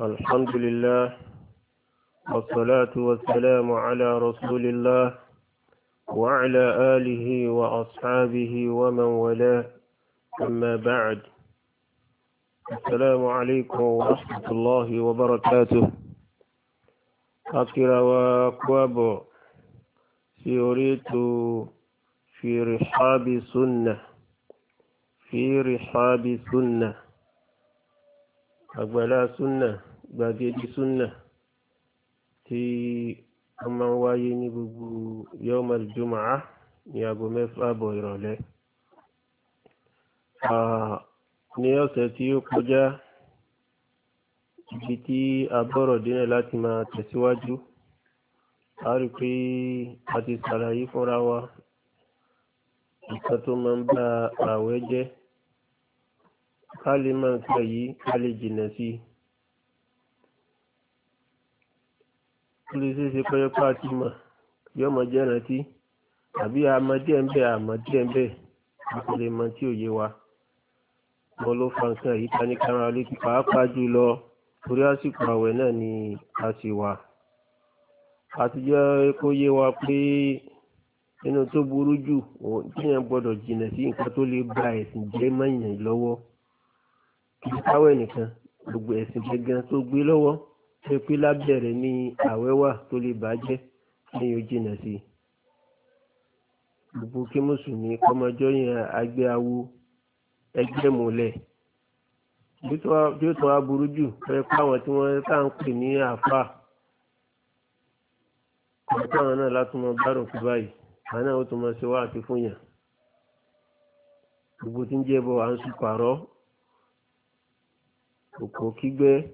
الحمد لله والصلاة والسلام على رسول الله وعلى آله وأصحابه ومن والاه أما بعد السلام عليكم ورحمة الله وبركاته أكرا وأكواب سيريت في رحاب سنة في رحاب سنة àgbàlá súnà gbàgede súnà tí a máa ń wáyé ní gbogbo yọmal jumaa ní aago mẹ́fà bọ̀ ìrọ̀lẹ́ ní ọ̀sẹ̀ tí ó kọjá ibi tí a bọ̀rọ̀ dínà láti máa tẹ̀síwájú a rí pé a ti ṣàlàyé fúnra wa nǹkan tó máa ń bá ààwẹ̀ jẹ́ ká lè máa ka yìí ká lè jìnà sí i. ó lè ṣeé ṣe pẹ́ẹ́pẹ́ àti mọ̀ yóò mọ jẹ́ rántí àbí àmọ́ díẹ̀ ń bẹ̀ àmọ́ díẹ̀ ń bẹ̀ a kò lè mọ tí òye wa. mo ló fa nǹkan yìí ta ní kára létí pàápàá jù lọ torí àsìkò àwẹ̀ náà ni a sì wà. àtijọ́ kó yé wa pé nínú tó burú jù tíyẹn gbọ́dọ̀ jìnà sí nǹkan tó lè ba ẹ̀sìn jẹ́ mọ́yìn lọ́wọ́ kìí sáwẹ̀ nìkan gbogbo ẹ̀sìn gẹ́gẹ́ tó gbé lọ́wọ́ ṣe pé lábẹ́rẹ̀ ní àwẹ̀ wà tó lè bàjẹ́ lẹ́yìn ó jìnà sí i gbogbo kí mùsùlùmí kọ́mọjọ́ yẹn agbé awo ẹgbẹ́ mọ́lẹ̀ bí ó tún wá burú jù pé káwọn tí wọ́n ká ń pè ní àfà àtàwọn náà látúmọ̀ bárò kú báyìí àwọn náà ó tún mọ̀ ṣe wá àti fún yàn gbogbo tí ń jẹ́ bọ̀ à ń sùn pààrọ̀ òkò kígbẹ́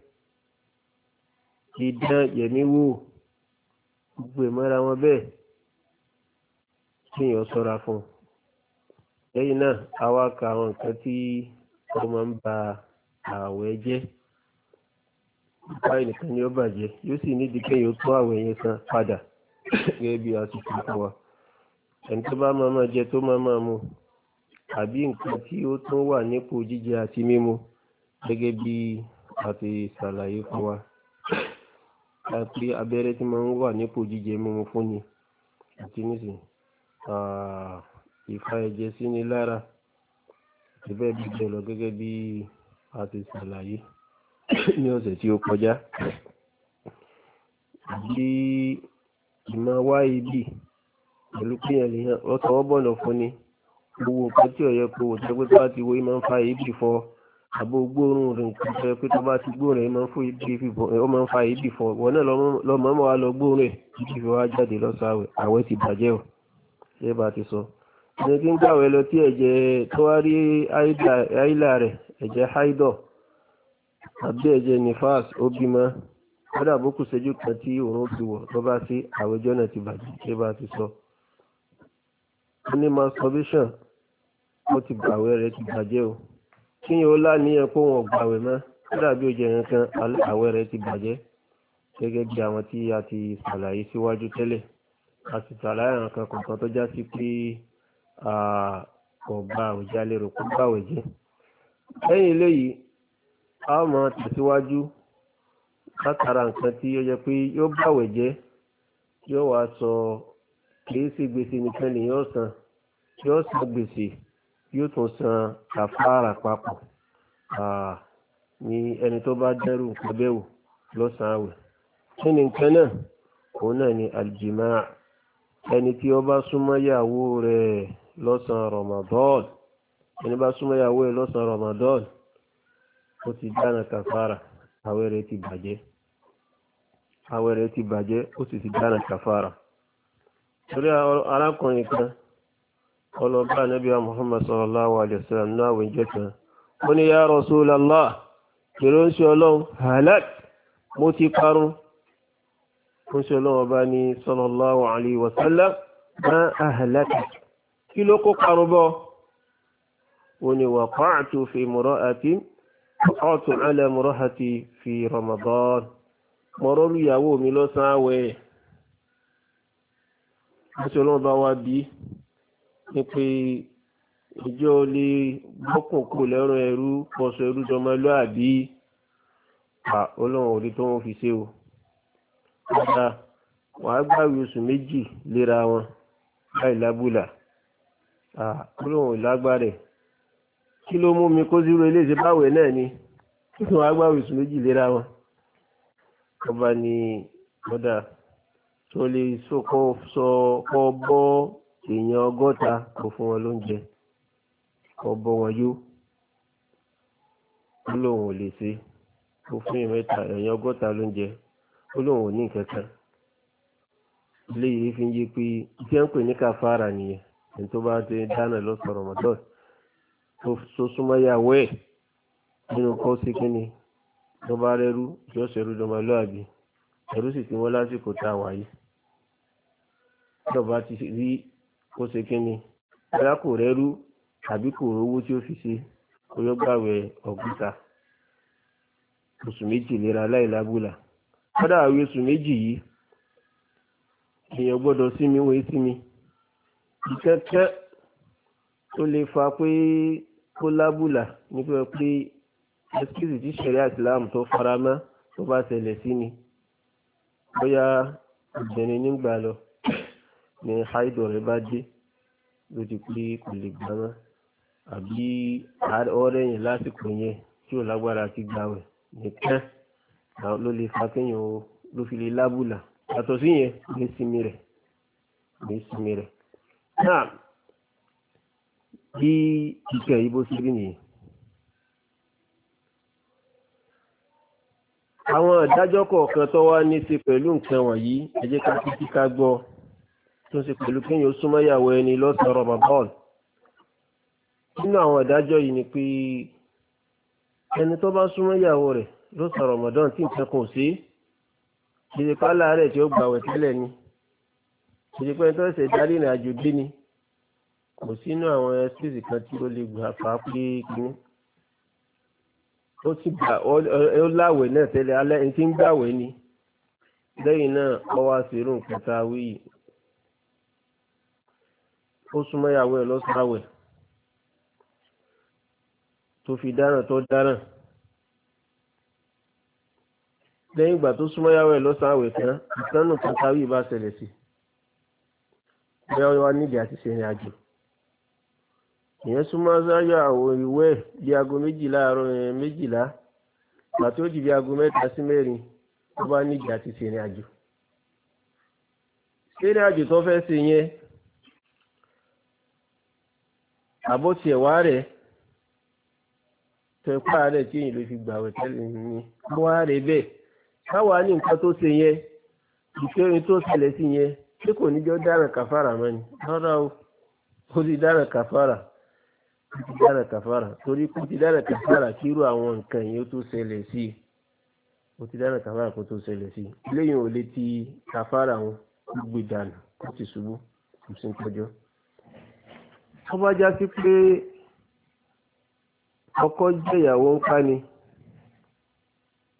dídán yẹ̀mí wò gbogbo ìmọ̀ra wọn bẹ́ẹ̀ kíyàn sọ́ra fún un lẹ́yìn náà a wá ka àwọn nǹkan tí wọ́n máa ń ba ààwẹ̀ jẹ́ nípa ẹnìkan ni ó bàjẹ́ yóò sì nídìí kéèyàn tó ààwẹ̀ yẹn san padà gẹ́gẹ́ bí àtúntò fún wa ẹni tó bá máa máa jẹ tó máa máa mu àbí nǹkan tí ó tún wà nípò jíjẹ àti mímu gẹ́gẹ́ bí a ti ṣàlàyé fún wa àti abẹ́rẹ́ tí máa ń wà nípò jíjẹ mímu fún ni àti nísìn ìfà ẹ̀jẹ̀ sí ni lára ìbẹ́ bíbẹ̀ lọ gẹ́gẹ́ bí a ti ṣàlàyé ní ọ̀sẹ̀ tí ó kọjá bí ìmọ̀ wá ibi pẹ̀lú pé ẹ̀lẹ́yìn ọ̀sán ọ̀bọ̀nà fún gbogbo nǹkan tí ọ̀yẹ́ kò wò tẹ́gbẹ́ bá ti wo ìmọ̀ ń fa ibi fọ́ ọ àbò gbóòórùn rẹ̀ nǹkan tó yẹ pé tó bá ti gbóòórùn ẹ̀ máa ń fa ibi fún ọ̀wọ́ náà lọ́mọ máa lọ gbóòórùn ẹ̀ ibi fún wa jáde lọ́sàwẹ̀ àwẹ̀ ti bàjẹ́ o ṣé bá ti sọ. ẹni tí ń gbàwẹ̀ lọ tí ẹ̀jẹ̀ tó wá rí àìlà rẹ̀ ẹ̀jẹ̀ haidọ̀ àbí ẹ̀jẹ̀ nifas ó bímọ kódà bó kù ṣẹ́jú kan tí òun ti wọ̀ tó bá sí àwẹ̀jọ́ náà ti bàjẹ́ ṣé bá ti sọ. ó ní masturbation ó ti gbàwẹ̀ rẹ̀ ti bàjẹ́ o kí yẹn ó láníyàn pé wọn gbàwẹ̀ mọ́ dàbí ó jẹ àwẹ̀ rẹ̀ ti bàjẹ́ gẹ́gẹ́ bí àwọn tí a ti ṣàlàyé síwájú tẹ́lẹ̀ a sì ṣàlàyé àwọn kan kọ̀ọ̀kan tó já sí pé ọ̀gbà àwùjálẹ̀ rò kó gbàwẹ̀ jẹ́ lẹ́yìn eléyìí a mọ̀ tẹ̀síwájú látara nǹkan tí ó jẹ́ pé yóò bàwẹ̀ jẹ́ yóò wá sọ kìí sí gbèsè nìkan lèyàn san yóò san gbèsè yóò tún san kàfàrà papọ̀ ni ẹni tó bá dẹ́rù nǹkan bẹ́ẹ̀ wò lọ́sàn-án àwẹ̀ kí ni nǹkan náà òun náà ni aljima ẹni tí ó bá súnmọ́ yàwó rẹ̀ lọ́sàn-án Ramadan ẹni bá súnmọ́ yàwó rẹ̀ lọ́sàn-án Ramadan ó ti dáná kàfàrà àwẹ̀ rẹ̀ ti bàjẹ́ àwẹ̀ rẹ̀ ti bàjẹ́ ó sì ti dáná kàfàrà torí arákùnrin kan ọlọ́bá anábíà muhammad sallallahu alayhi wa sallam náà wọ́n jẹ́ kan ó ní ya rasulallah kìrò ń ṣe ọlọ́run halak mo ti parun ń ṣe ọlọ́run ọba ní sallallahu alayhi wa sallam ma ahlaka fi ramadan mọ̀rọ́ lùyàwó mi lọ́sàn-án àwẹ̀ ń ṣe ọlọ́run ni pé ìjọ lè gbọ́kàn kó lẹ́rùn ẹrú pọ̀sọ̀ ẹrú dọmọlúàbí à ọlọ́run òde tó wọ́n fi ṣe o. ọ̀dà wọ́n á gbàwé oṣù méjì léra wọn láì lábùlà à ọlọ́run ìlágbára ẹ̀ kí ló mú mi kó zírò eléyìí báwẹ̀ náà ni wọ́n á gbàwé oṣù méjì léra wọn. ọba ni ọ̀dà tó lè sọ kọ́ bọ́ èèyàn ọgọ́ta kò fún wọn lóúnjẹ kò bọ́ wọn yó ó lóun ò lè ṣe kò fún ìmẹ́ta èèyàn ọgọ́ta lóúnjẹ ó lóun ò ní kankan léyìí fi ń yé pé iṣẹ́ ń pè ní kàfàrà nìyẹn ẹni tó bá ti dáná lọ́sọ̀ rọ̀mọ́dọ́n tó súnmọ́ yàwó ẹ̀ nínú kọ́ sí kínni tó bá rẹ́rú yóò ṣerú dọmọlúàbí ẹ̀rú sì ti wọ́n lásìkò tá a wáyé tó bá ti rí kó ṣe kínní bóyá kò rẹ́rú tàbí kò rówó tí ó fi ṣe bóyá gbàwẹ̀ ọ̀gbìta oṣù méjì lera láìlábùlà kódà àwọn oṣù méjì yìí èèyàn gbọ́dọ̀ sinmi wọ́n sinmi ìkẹ́kẹ́ tó lè fa pé kó lábùlà nípa pé ẹsikíìsì tí sẹ̀rí àtìláàmù tó fara mọ́ tó bá ṣẹlẹ̀ sí ni bóyá obìnrin nígbà lọ ní haidu rẹ̀ bá dé ló ti pé kò lè gbà mọ́ àbí ọ̀rẹ́ yẹn lásìkò yẹn tí ò lágbára ti gbà wẹ̀ nìkan ló lè fa kéèyàn ló fi lè lábùlà yàtọ̀ sí yẹn ní sinmi rẹ̀ ní sinmi rẹ̀ náà bí ìkẹ́ yìí bó ṣe rí nìyẹn. àwọn ìdájọ́ kọ̀ọ̀kan tó wá ní ṣe pẹ̀lú nǹkan wọ̀nyí ẹ jẹ́ ká kíkí ká gbọ́ tó ṣe pẹ̀lú kí yóò súnmọ́ ìyàwó ẹni lọ́sàn-án Ramadan nínú àwọn ìdájọ́ yìí ni pé ẹni tó bá súnmọ́ ìyàwó rẹ̀ lọ́sàn-án Ramadan tí nǹkan kò sí ìdí pálá rẹ̀ tí ó gbàwẹ̀ tẹ́lẹ̀ ni ìdí pé tó ṣe darí ìrìn àjò gbé ni kò sínú àwọn ẹsíìsì kan tí ó lè gbà fà á pé kínní ó ti gbà ó láwẹ̀ náà tẹ́lẹ̀ alẹ́ ó súnmọ́ ìyàwó ẹ̀ lọ́sàn-án àwẹ̀ tó fi dáràn tó dáràn lẹ́yìn ìgbà tó súnmọ́ ìyàwó ẹ̀ lọ́sàn-án àwẹ̀ tán ìtànù kan táwí bá ṣẹlẹ̀ sí bẹ́ẹ̀ wá nídìí àti ṣe ìrìn àjò ìyẹn súnmọ́ sáyà àwọn ìwé bíi aago méjìlá àárọ̀ méjìlá pàtó ó di bíi aago mẹ́ta sí mẹ́rin tó bá nídìí àti ṣe ìrìn àjò ṣe ìrìn àjò tó fẹ́ ṣe yẹn àbó tiẹ̀ wá rẹ̀ tó ipá rẹ̀ tí èyí ló fi gbàwẹ̀ tẹ́lẹ̀ ní wá rẹ̀ bẹ́ẹ̀ káwa ní nǹkan tó ṣe yẹn ìṣẹ́rin tó ṣẹlẹ̀ sí yẹn tí kò níjọ́ dára kàfàrà mọ́ ni rárá o ó ti dára kàfàrà ó ti dára kàfàrà torí kó ti dára kàfàrà kírú àwọn nǹkan yẹn ó tó ṣẹlẹ̀ sí i ó ti dára kàfàrà kó tó ṣẹlẹ̀ sí i lẹ́yìn ò lè ti kàfàrà wọn gbé dànù kó ti ṣubú kò sí ń tọ́jọ́ tó bá já sí pé ọkọ jẹ́ ìyàwó ń pa ni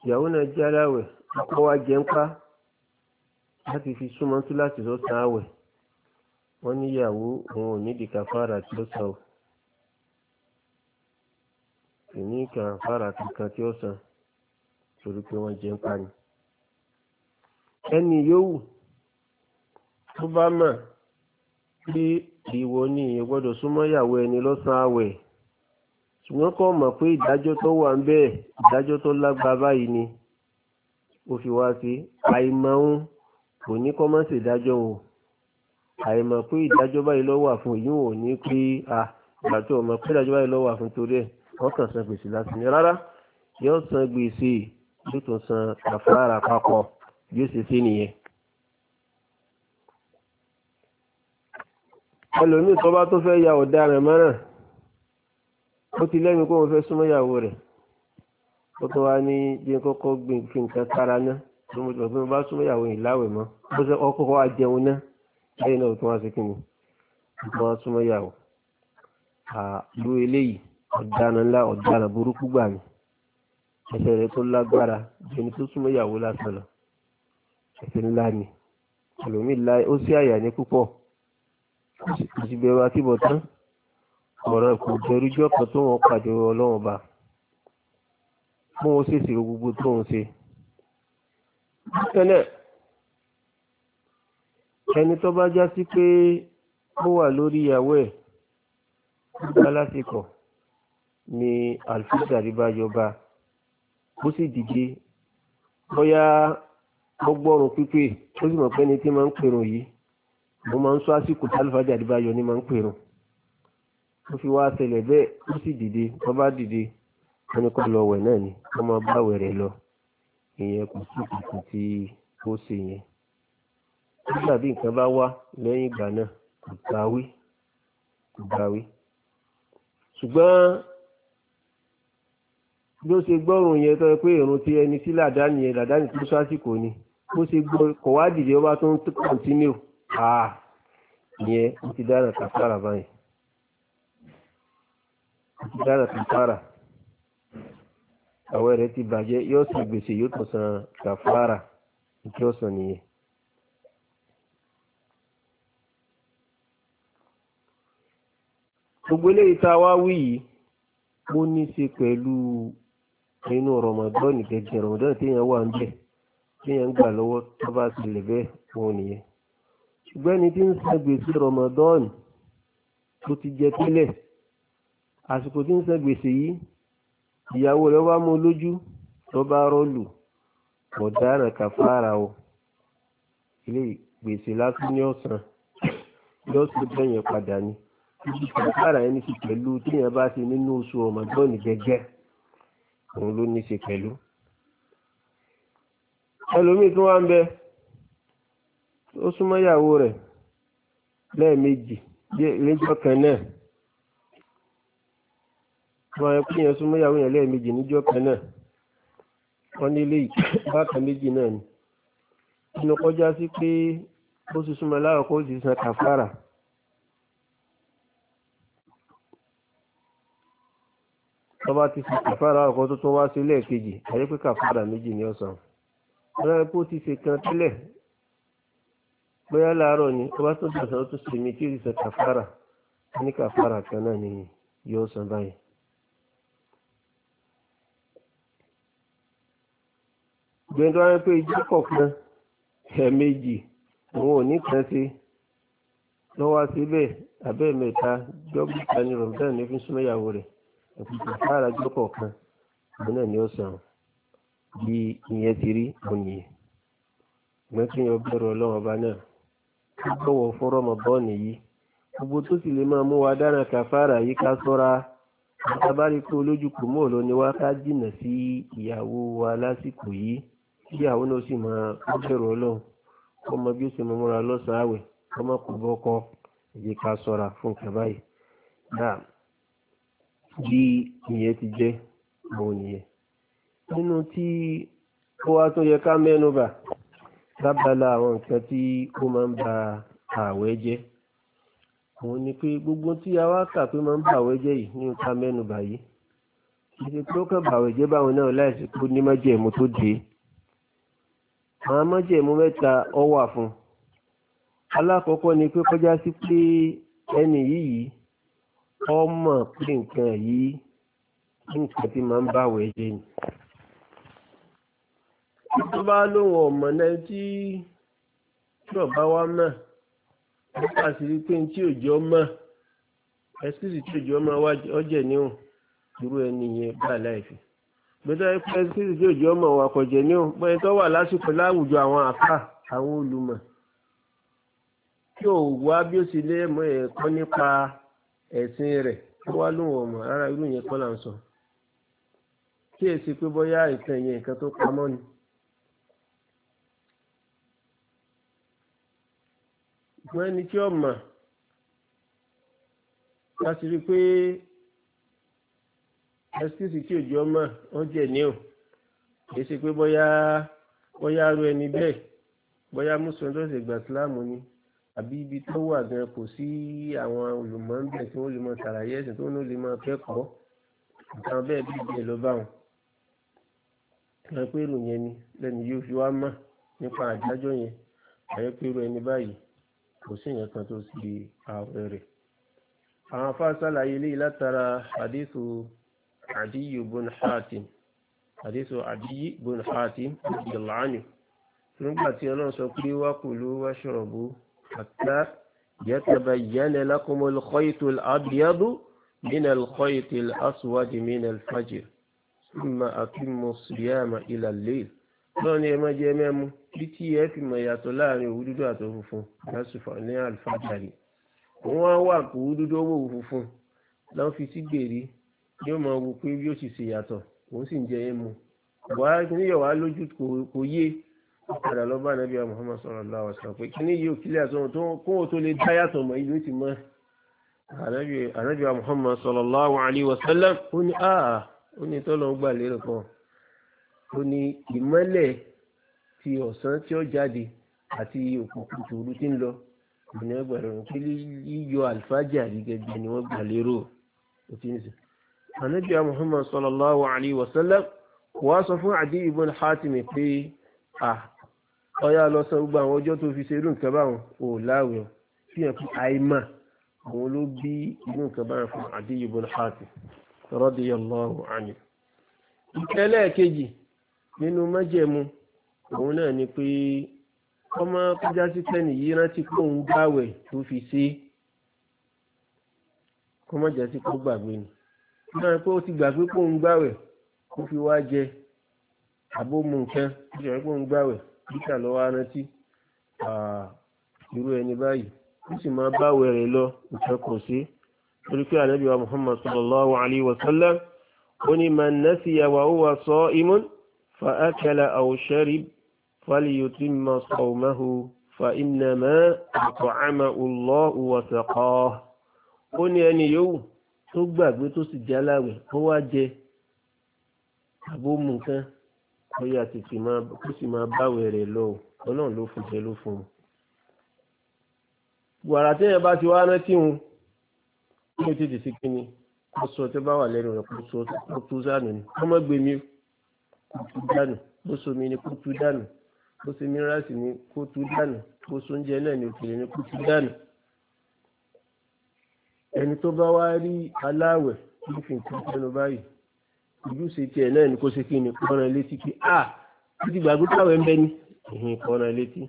ìyàwó náà jẹ́ aláwẹ̀ ọkọ wa jẹ ń pa láti fi súnmọ́ tú láti sọ́sàn àwẹ̀ wọ́n níyàwó òun ò nídìí kàfàrà tí ó san o kì ní kàfàrà kankan tí ó san torí pé wọ́n jẹ́ ń ni. ẹni yòówù tó bá mọ̀ bí ìwọ ni ìyẹn gbọ́dọ̀ súnmọ́ ìyàwó ẹni lọ́sàn-án àwẹ̀ ṣùgbọ́n kò mọ̀ pé ìdájọ́ tó wà ń bẹ́ẹ̀ ìdájọ́ tó lágbá báyìí ni ó fi wá sí àìmọ̀ún kò ní kọ́ mọ́ sí ìdájọ́ òun àìmọ̀ pé ìdájọ́ báyìí ló wà fún yìí ò ní pé à ìgbà tó mọ̀ pé ìdájọ́ báyìí ló wà fún torí ẹ̀ wọ́n kàn san gbèsè láti ní rárá yóò san gbèsè yóò tún san kàfàrà papọ̀ bí ó ṣe ṣe nìyẹn. ẹlòmíì tó bá tó fẹ́ ya ọ̀daràn mọ́ràn ó ti lẹ́mi kó wọn fẹ́ súnmọ́ ìyàwó rẹ̀ ó tó wá ní bí n kọ́kọ́ gbìn fi nǹkan sára ná tó mo tọ̀ pé mo bá súnmọ́ ìyàwó yìí láwẹ̀ mọ́ ó sẹ́ ọkọ̀ wa jẹun ná lẹ́yìn náà tó wá sí kíni tó wá súnmọ́ ìyàwó àlú eléyìí ọ̀daràn ńlá ọ̀daràn burúkú gbà mí ẹsẹ̀ rẹ̀ tó lágbára ẹni tó súnmọ́ ìyàwó lásán lọ ẹsẹ̀ ńlá ni ẹlòmíì ó sí àyà ní púpọ̀ àṣìbẹ̀rù akíbọ̀tán ọ̀rọ̀ kò jẹrújọ́ kan tó wọn pàdé ọlọ́run ọba mú wọn ṣèṣì gbogbo tó ń ṣe. tẹ́lẹ̀ ẹni tó bá já sí pé ó wà lórí ìyàwó ẹ̀ nígbà lásìkò ni alfijari bá yọba ó sì dìde bóyá ó gbọ́rùn pípé ó sì mọ̀ pé ẹni tí máa ń pèrò yìí mo máa ń sọ àsìkò tálífàjà àdìbá yọ ní máa ń pèrò ó fi wá ṣẹlẹ̀ bẹ́ẹ̀ ó sì dìde wọ́n bá dìde wọ́n ní kó lọ wẹ̀ náà ni wọ́n máa bá wẹ̀rẹ̀ lọ ìyẹn kò sí ìkùkù tí ó ṣe yẹn nígbà bí nǹkan bá wá lẹ́yìn ìgbà náà kò gbáwí kò gbáwí ṣùgbọ́n bí ó ṣe gbọ́rùn yẹn tó pé ìrun ti ẹni sí làdáni yẹn làdáni tó sásìkò ni bó ṣe gbọ́ kọ̀ wá dìde ọba tó ń kọ̀ntínú àà ah, yẹn ó ti dára kàfàrà báyìí ó ti dára kàfàrà àwẹ̀ rẹ̀ ti bàjẹ́ yóò san gbèsè yóò tún san kàfàrà kí ó san nìyẹn. gbogbo eléyìí tá a wá wí yìí ó ní í ṣe pẹ̀lú inú rọmọdọ́ọ̀nì gẹ́gẹ́ rọmọdọ́ọ̀nì téèyàn wà ń bẹ̀ téèyàn ń gbà lọ́wọ́ tó bá ti lè bẹ́ẹ̀ òun ṣùgbọ́n ẹni tí ń san gbèsè Ramadan tó ti jẹ tẹ́lẹ̀ àsìkò tí ń san gbèsè yìí ìyàwó rẹ̀ wá mú lójú tó bá rọ́ọ̀lù ọ̀daràn kàfàrà o ilé gbèsè lásán ní ọ̀sán lọ́sùn bẹ́yẹn padà ni ibi kàfàrà ẹni sì pẹ̀lú tíyẹn bá ti nínú oṣù Ramadan gẹ́gẹ́ òun ló ní í ṣe pẹ̀lú ẹlòmíì tó wá ń bẹ ó súnmọ́ ìyàwó rẹ̀ lẹ́ẹ̀mejì lẹ́jọ́ kan náà wọ́n yẹ kúnyẹ súnmọ́ ìyàwó yẹn lẹ́ẹ̀mejì níjọ́ kan náà wọ́n ní ilé bákan méjì náà ni inú kọjá sí pé ó sì súnmọ́ láwọn kó sì san kàfàrà tọ́ba ti fi kàfàrà ọkọ̀ tó tún wá sí lẹ́ẹ̀kejì àyẹ́pẹ́ kàfàrà méjì ni ọ̀sán wọ́n yẹ kó ti ṣe kan tẹ́lẹ̀ bóyá láàárọ̀ ni tó bá tó dàsán ó tún sì mí tí ìrìsà kàfàrà ní kàfàrà kan náà ni yóò san báyìí. gbẹ̀ndọ́ ayé pé ijó kọ̀ọ̀kan ẹ̀ẹ̀mejì òun ò ní kan sí lọ́wọ́ síbẹ̀ abẹ́ẹ̀mẹ́ta jọ́bù kan ní rọ̀mùdán ní fún súnmọ́yàwó rẹ̀ ẹ̀kún kàfàrà jọ́ kọ̀ọ̀kan òun náà ni ó san bí ìyẹn ti rí òun yìí gbẹ́kìnyàn bẹ̀rù ọlọ́run ọba náà ká bọ̀wọ̀ fún rọmọbọ́ọ̀nì yìí gbogbo tó sì lè máa mú wa dára kàfàrà yìí ká sọ́ra àtàbárí pé olójú kò mọ́ lọ ni wá ká jìnà sí ìyàwó wa lásìkò yìí kí ìyàwó náà sì máa kó bẹ̀rù ọlọ́run kó mọ bí ó sì máa múra lọ́sàn-án àwẹ̀ kó má kó bọ́kọ èyí ká sọ́ra fún nǹkan báyìí náà bí ìyẹn ti jẹ́ àwọn nìyẹn nínú tí ó wá tó yẹ ká mẹ́nu bà lábala àwọn nǹkan tí ó máa ń ba ààwẹ̀ jẹ́ òun ni pé gbogbo tí a wá kà pé máa ń ba ààwẹ̀ jẹ́ yìí ní nǹkan mẹ́nubà yìí ìṣe pé ó kàn ba ààwẹ̀ jẹ́ báwọn náà láìsí pé ó ní májẹ̀mú tó dé àwọn májẹ̀mú mẹ́ta ó fún alákọ̀ọ́kọ́ ni pé kọjá sí pé ẹni yìí ọmọ pé nǹkan yìí nǹkan tí máa ń ba ààwẹ̀ jẹ́ ni tó bá lóun ọ̀mọ̀ náà tí bàbá wa mọ̀ nípa sí pé tí òjò mọ̀ ẹsíìsì tí òjò mọ̀ ọjẹ́ níhùn irú ẹni yẹn bá láìfi gbẹdọ̀ ẹ̀kọ́ ẹsíìsì tí òjò mọ̀ wà kọ̀jẹ̀ níhùn pé tó wà lásìkò láwùjọ àwọn àfà àwọn olùmọ̀ kí ò wá bí ó sì lé ẹ̀mọ́ ẹ̀kọ́ nípa ẹ̀sìn rẹ̀ tó wá lóun ọ̀mọ̀ rárá irú yẹn kọ́ là ń sọ kí èsì pé bóyá ìtàn yẹn nǹkan tó pamọ́ ni. ṣùgbọ́n ẹni tí ó mọ̀ láti rí i pé ẹsikísì tí òjò ọmọ wọn jẹ ní o kì í ṣe pé bóyá bóyá arú ẹni bẹ́ẹ̀ bóyá mùsùlùmí tó ṣe gbà síláàmù ni àbí ibi tó wà gan kò sí àwọn olùmọ̀ tí wọ́n lè mọ tàlàyé ẹ̀sìn tó ń lè mọ kẹ́kọ̀ọ́ nǹkan bẹ́ẹ̀ bí ìbí ẹ̀ ló bá wọn. ìgbà pé èrò yẹn ni lẹ́nu yóò fi wá mọ̀ nípa àdájọ́ yẹn àyẹ́pẹ́rù ẹni báyìí kò sí ìyẹn kan tó sí ààwẹ̀ rẹ̀ àwọn afá sálàyé ilé látara àdísù àdíyù bun hatim àdísù àdíyù bun hatim ìjọláàánì nígbà tí ọlọ́run sọ pé wá kulu washrabu hatta yatabayyana lakumul khaytul abyadu minal khaytil aswadi minal fajr títí ẹ fi mọ̀ ìyàtọ̀ láàrin òwú dúdú àti funfun lásùfà ní àlùfáàjàre òun á wà kó òwú dúdú owó funfun lọ́n fi sí gbèrí yóò máa wo pé bí ó sì ṣe yàtọ̀ òun sì ń jẹ ẹ mu wàá níyọ̀ wá lójú kò yé padà lọ bá nàbíyà Muhammad sallallahu alaihi wasallam pé kí ni yóò kílẹ̀ àtọ́wọ́n tó kó o tó lè dá yàtọ̀ mọ́ ìlú ti mọ́ ànábíyà Muhammad sallallahu alaihi wasallam ó ní àà ó ní tọ́lọ́ gbà lérò kan ó ní ìmọ́lẹ̀ àti ọ̀sán tí ó jáde àti òkùnkùn tòru tí ń lọ ènìyàn gbàdúrà rẹ̀ yíyọ àlùfáàjà rí ni wọ́n gbà lérò ó ti ń sallallahu alayhi wa sallam wà sọ fún àdí ibn hatim pé à ọyá lọ san gbogbo àwọn ọjọ́ tó fi ṣe irú nǹkan báwọn ò láwẹ̀ fi hàn pé àìmọ̀ àwọn ló bí irú nǹkan báwọn fún ibn kejì nínú májẹ̀mú òun náà ni pé ọmọ kọjá sí tẹ́nì yìí rántí pé òun gbàwẹ̀ tó fi ṣe kó má jẹ́ sí kó gbàgbé ni náà pé ó ti gbàgbé pé òun gbàwẹ̀ kó fi wá jẹ àbómu nǹkan ó ti rẹ̀ pé òun gbàwẹ̀ níta lọ́wọ́ rántí irú ẹni báyìí ó sì máa báwẹ̀ rẹ̀ lọ nǹkan kò sí torí pé ànábì wa muhammad sallallahu alayhi wa sallam ó ní man nasiya wa huwa sa'imun fa akala aw shariba. فليتم صومه فإنما أطعمه الله وسقاه ó ní ẹni yòówù tó gbàgbé tó sì jẹ́ aláwẹ̀ ó wá jẹ àbó mu nǹkan ó yà tètè máa kó sì máa báwẹ̀ rẹ̀ lọ ọlọ́run ló fún jẹ ló fún un. wàrà téèyàn bá ti wá rántí wọn kí ni tètè sí kíni kó sọ tó bá wà lẹ́nu rẹ̀ kó sọ tó tú sànù ni kó má gbé mi kó tú dànù bó so mi ni kó tú dànù bó ṣe mírasì ní kó tú dànù bó ṣoúnjẹ náà ní òkèlè ní kó tú dànù ẹni tó bá wá rí aláwẹ̀ ní fi nǹkan tẹnu báyìí ojúṣe tiẹ̀ náà ni kó ṣe kí ni kọ́ra létí pé a títí gbàgbé káwẹ̀ ń bẹ ní ìhìn kọ́ra létí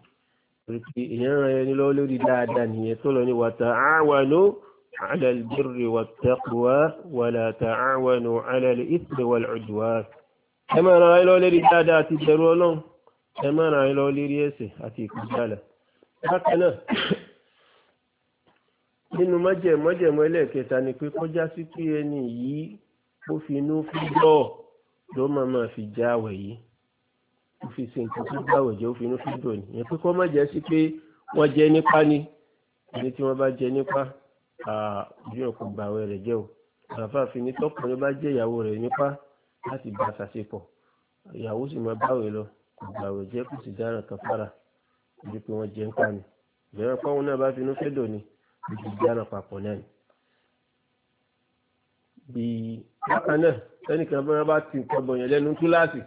pé èèyàn ran ẹni lọ́wọ́ lórí dáadáa nìyẹn tó lọ ní wàtà àwàlú على البر والتقوى ولا تعاونوا على الإثم والعدوان كما رأينا لرجالات الدرولون ẹ má ra ẹ lọ lérí ẹ̀ṣẹ̀ àti ìkọjálà bákan náà nínú májẹ̀mọ́jẹ̀mọ́ ẹlẹ́ẹ̀kẹta ni pé kọjá sí pé ẹni yìí ó fi inú fíjọ́ ló máa máa fi já àwẹ̀ yìí ó fi ṣe nǹkan tó bá àwẹ̀ jẹ́ ó fi inú fíjọ́ ni ìyẹn pé kọ́ má jẹ́ sí pé wọ́n jẹ nípa ni ẹni tí wọ́n bá jẹ nípa ojú ọ̀pọ̀ gba àwẹ̀ rẹ̀ jẹ́ o àlàfà fi ní tọ́kùnrin bá jẹ́ ìyàwó rẹ̀ nípa láti bá a ṣàṣepọ̀ ìyàwó ìgbàwò jẹ́ kò sì dára kàfàrà ibi pé wọ́n jẹ́ ń pa ni ìbẹ̀rẹ̀ pọ́n náà bá finú fẹ́dọ̀ ni ibi dára papọ̀ náà ni. bí bákan náà ẹnìkan bá bá ti nǹkan bọ̀yàn lẹ́nu kíláàsì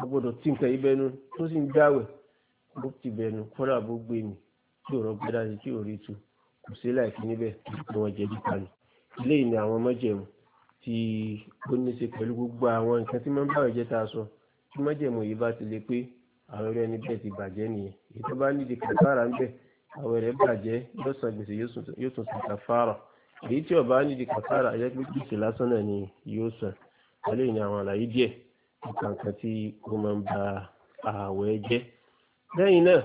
a gbọ́dọ̀ tí nǹkan yìí bẹnu tó sì ń gbàwẹ̀ bó ti bẹnu kọ́ra bó gbé mi tí òrọ̀ gbẹ́dá sí tí òrí tu kò sí láìsí níbẹ̀ ni wọ́n jẹ́ dípa ni eléyìí ni àwọn ọmọ jẹun tí ó ní tí májẹ̀mú yìí bá ti lè pé àwọn ẹrú ẹni bẹ́ẹ̀ ti bàjẹ́ nìyẹn èyí tó bá nídìí kàfàrà ń bẹ̀ àwọn ẹrẹ bàjẹ́ yóò san gbèsè yóò tún san kàfàrà èyí tí ó bá nídìí kàfàrà ẹ̀yẹ́ pé gbèsè lásán náà ni yóò san alẹ́ ìní àwọn àlàyé díẹ̀ nípa nǹkan tí ó máa ń ba ààwẹ̀ jẹ́ lẹ́yìn náà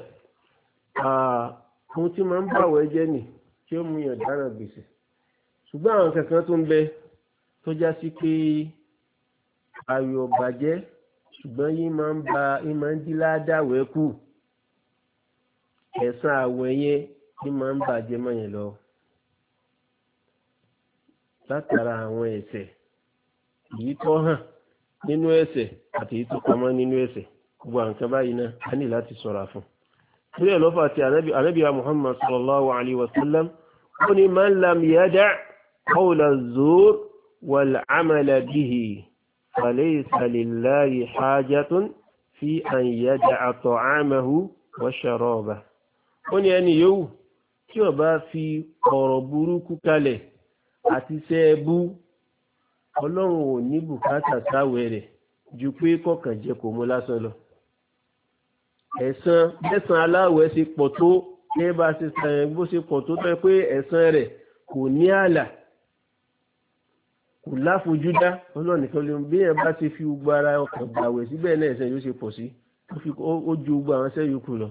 ohun tí máa ń ba ààwẹ̀ jẹ́ nì tí ó mú yàn dára gbèsè ṣùgbọ́n àwọn kankan tó ń bẹ tó já sí pé ayọ̀ bàjẹ́ ṣùgbọ́n yín máa ń ba yín máa ń dí ládàwẹ́ kù ẹ̀san àwẹ̀ yẹn yín máa ń bàjẹ́ mọ́ yẹn lọ látara àwọn ẹ̀ṣẹ̀ èyí tó hàn nínú ẹ̀ṣẹ̀ àti èyí tó pamọ́ nínú ẹ̀ṣẹ̀ gbogbo àǹkan báyìí náà a ní láti ṣọ́ra fún un bí àti anábìyà Muhammad sallallahu alayhi wa sallam ó ní man lam yada' qawla az-zur wal فليس لله حاجة في أن يدع طعامه وشرابه ó ní ẹni yòówù tí ó bá fi ọ̀rọ̀ burúkú kalẹ̀ àti sẹ́ẹ̀bú ọlọ́run ò ní bùkátà sáwẹ̀ rẹ̀ ju pé kọ̀kàn jẹ kò mú lásán lọ ẹ̀san ẹ̀san aláwẹ̀ ṣe pọ̀ tó ẹ bá ṣe sàn bó ṣe pọ̀ tó tẹ́ pé ẹ̀san rẹ̀ kò ní ààlà kò láfojúdá ọlọ́nìkan lè bí ẹ bá ti fi gbogbo ara ọkàn gbàwẹ̀ síbẹ̀ náà ẹ̀ṣẹ̀ yóò ṣe pọ̀ sí ó ju gbogbo àwọn ẹ̀ṣẹ̀ yòókù lọ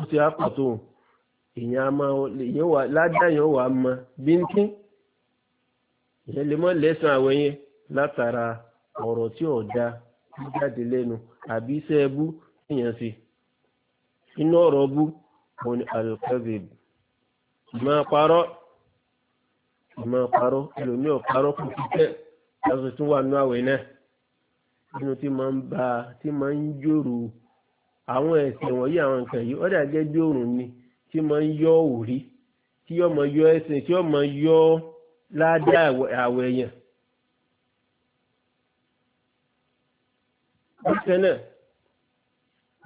ó ti àpọ̀ tó èèyàn a máa èèyàn wà ládàyàn wà mọ bíntín èèyàn lè mọ́ lẹ́sàn àwọn yẹn látara ọ̀rọ̀ tí ò da jáde lẹ́nu àbí iṣẹ́ ẹbú èèyàn sí inú ọ̀rọ̀ bú òun ni alukẹ́bẹ̀ẹ́bù máa parọ́ ìmọ̀ parọ́ ẹlòmí ọ̀parọ́ kò fi tẹ́ lásọ tún wà nú àwẹ̀ náà nínú tí máa ń ba tí máa ń yòrò àwọn ẹ̀sìn wọ̀nyí àwọn nǹkan yìí ọ̀dà gẹ́gẹ́ bí òrùn ni tí máa ń yọ òrí tí yọ máa yọ ẹ̀sìn tí yọ máa yọ ládàá àwẹ̀ yẹn. bákan náà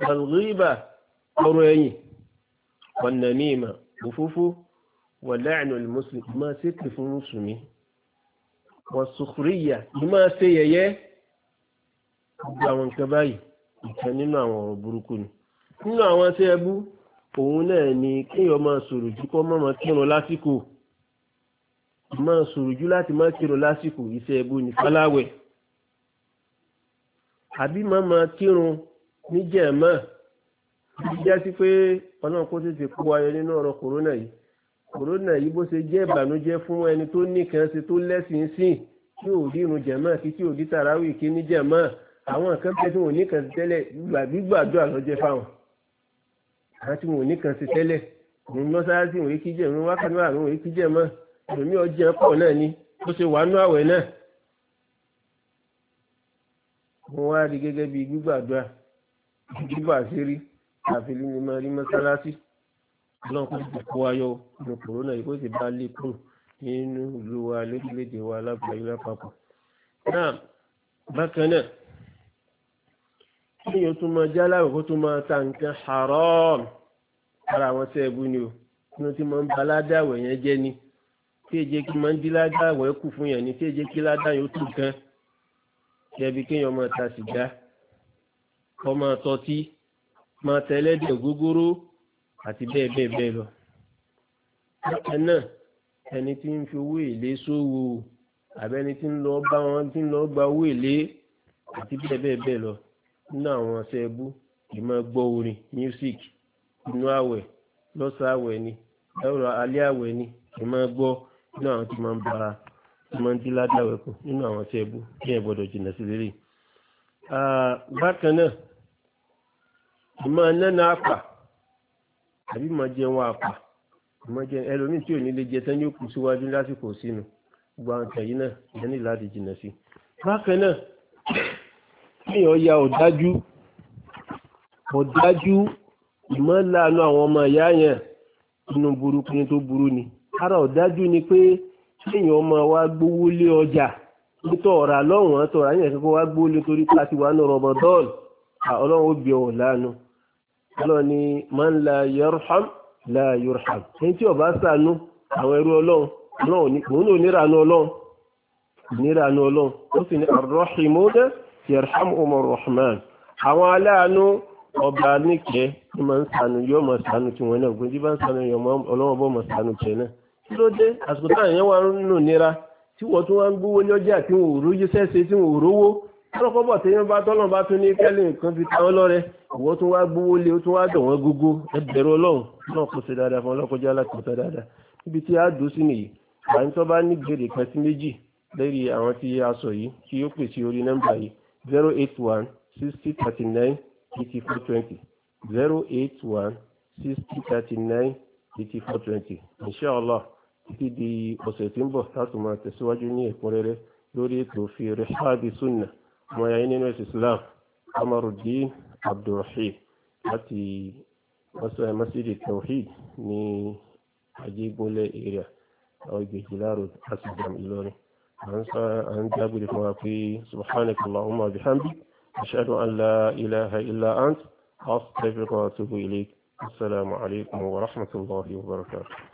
àlùríbà ọrọ̀ ẹ̀yìn ọ̀nà ní ìmọ̀ òfófó wọ̀lẹ́ẹ̀nù ìmọ̀sùn máa ṣépè fún mùsùlùmí wọ́n sùkúrìyà ní máa ṣe yẹ̀yẹ́ gbogbo àwọn nǹkan báyìí ìkan nínú àwọn ọ̀rọ̀ burúkú ni nínú àwọn ṣe ẹbú òun náà ni kéèyàn máa sọ̀rọ̀ jù kọ́ mọ́ máa kírun lásìkò máa sọ̀rọ̀ jù láti máa kírun lásìkò iṣẹ́ ẹbú ni fọláwẹ̀ àbí máa máa kírun níjẹ̀ẹ́mọ́ jẹ́ sí pé ọlọ́run kó tètè kó ayọ̀ nínú ọ̀rọ̀ kòrónà yìí kòrónà yìí bó ṣe jẹ́ ìbànújẹ́ fún ẹni tó nìkan ṣe tó lẹ́sìn sìn tí ò rí irun jẹ̀mọ́ kí tí ò rí tàràwì kí ní jẹ̀mọ́ àwọn nǹkan bẹ́ẹ̀ tí wọn ò nìkan ṣe tẹ́lẹ̀ gbígbàdúrà lọ́jẹ́ fáwọn àwọn tí wọn ò nìkan ṣe tẹ́lẹ̀ òun mọ́sáàsì òun kí jẹ̀mọ́ wákàtí wà òun kí jẹ̀mọ́ èmi ọjọ́ pọ̀ náà ni bó ṣe wà nú àwẹ̀ náà wọ́n wá rí gẹ́gẹ́ bí gbígbàdúrà gbígbà sí rí àfi ní mo máa rí ọlọ́run kò sì kó ayọ̀ nínú kòrónà yìí kó sì bá lékún nínú bákan náà kí èèyàn tún máa jáláwò kó tún máa ta nǹkan haram ara àwọn tẹ́ ẹ̀bú ni o inú tí máa ń ba aládàwọ̀ yẹn jẹ́ ni tí èjé kí máa ń dín ládàwọ̀ ẹ̀kú fún yẹn ni tí èjé kí ládàyàn ó tún gan kẹbi kéèyàn máa ta sìgá kọ́ máa tọ́tí máa tẹ́lẹ́dẹ̀ gógóró àti bẹ́ẹ̀ bẹ́ẹ̀ bẹ́ẹ̀ lọ. bákan náà ẹni tí ń fi owó èlé ṣòwò àbẹ́ni tí ń lọ bá wọn tí ń lọ gba owó èlé àti bẹ́ẹ̀ bẹ́ẹ̀ bẹ́ẹ̀ lọ nínú àwọn ọ̀sẹ̀ ẹbú ìmọ̀ gbọ́ orin music inú àwẹ̀ lọ́sàn àwẹ̀ ni ẹ̀rọ alẹ́ àwẹ̀ ni ìmọ̀ gbọ́ nínú àwọn tí máa ń bara tí máa ń dín ládàwẹ̀ kù nínú àwọn ọ̀sẹ̀ ẹbú bí ẹ̀ gbọ́dọ̀ jìnnà sí lélẹ̀. Ah, bákan náà ìmọ̀ nánà àpà àbí mọ̀ jẹun àpà mọ̀ jẹun ẹlòmíì tí ò ní lè jẹ tán yóò kù síwájú lásìkò sínú gbogbo àwọn kẹyìn náà ìyẹn ní láti jìnnà sí bákan náà kéèyàn ya ọ̀dájú ọ̀dájú ìmọ̀láàánú àwọn ọmọ ìyá yẹn inú burúkú ni tó burú ni ara ọ̀dájú ni pé kéèyàn ọmọ wa gbówó lé ọjà nítorí ọ̀rà lọ́wọ́n tọ̀rà yẹn kókó wa gbówó lé torí pé a ti wà ní rọ̀bọ̀dọ́ọ̀lù ọlọ́run ó bí ọ̀ láàánú ọlọ́run ni man la yarham la yurham ẹni tí ọba sànú àwọn ẹrú ọlọ́run ọlọ́run ní òun ò níranú ọlọ́run níranú ọlọ́run ó sì ní arrahimuna yarhamuhumur rahman àwọn aláàánú ọba níkẹ́ ní máa ń sànú yóò máa sànú tí wọn náà gbèjì bá ń sànú yọ ọlọ́run bọ́ máa sànú tiẹ̀ náà kí ló dé àsìkò táwọn èèyàn wà nínú nira tí wọ́n tún wá ń gbówó lọ́jà tí wọn ò rójú sẹ́sẹ́ tí wọn ò rówó lọ́kọ́ bọ̀ tẹ́yìn bá tọ́lọ́ bá tún ní kẹ́lẹ́ nǹkan fi ta ọ́ lọ́rẹ́ àwọn tó wá gbówó lé tó wá dọ̀ wọ́n gógó ẹbẹ̀rù ọlọ́run náà kó ṣe dáadáa fún ọlọ́kọjá alákòóso dáadáa níbi tí a dùn sí nìyí àwọn tó bá ní gbèrè kan sí méjì lẹ́rí àwọn tí a sọ yìí kí ó pèsè orí nọ́mbà yìí zero eight one sixty thirty nine eighty four twenty zero eight one sixty thirty nine eighty four twenty inshallah títí di ọ̀sẹ̀ tí ń bọ̀ láti máa tẹ̀síwájú ní ẹ̀kúnrẹ́rẹ́ lórí ètò fi rẹ̀ ṣáàbì sunna ọmọ yàrá nínú ẹ̀sìn Islam Kamarudin abdulrahim láti masjidi tawhid ní ajégúnlẹ̀ area ọgbẹ̀jìlá road asidam ìlọrin à ń dágbére fún wa pé subhanaka allahumma bihamdik ashhadu an la ilaha illa ant astaghfiruka wa atubu ilayk assalamu alaikum wa rahmatullahi wa barakatuh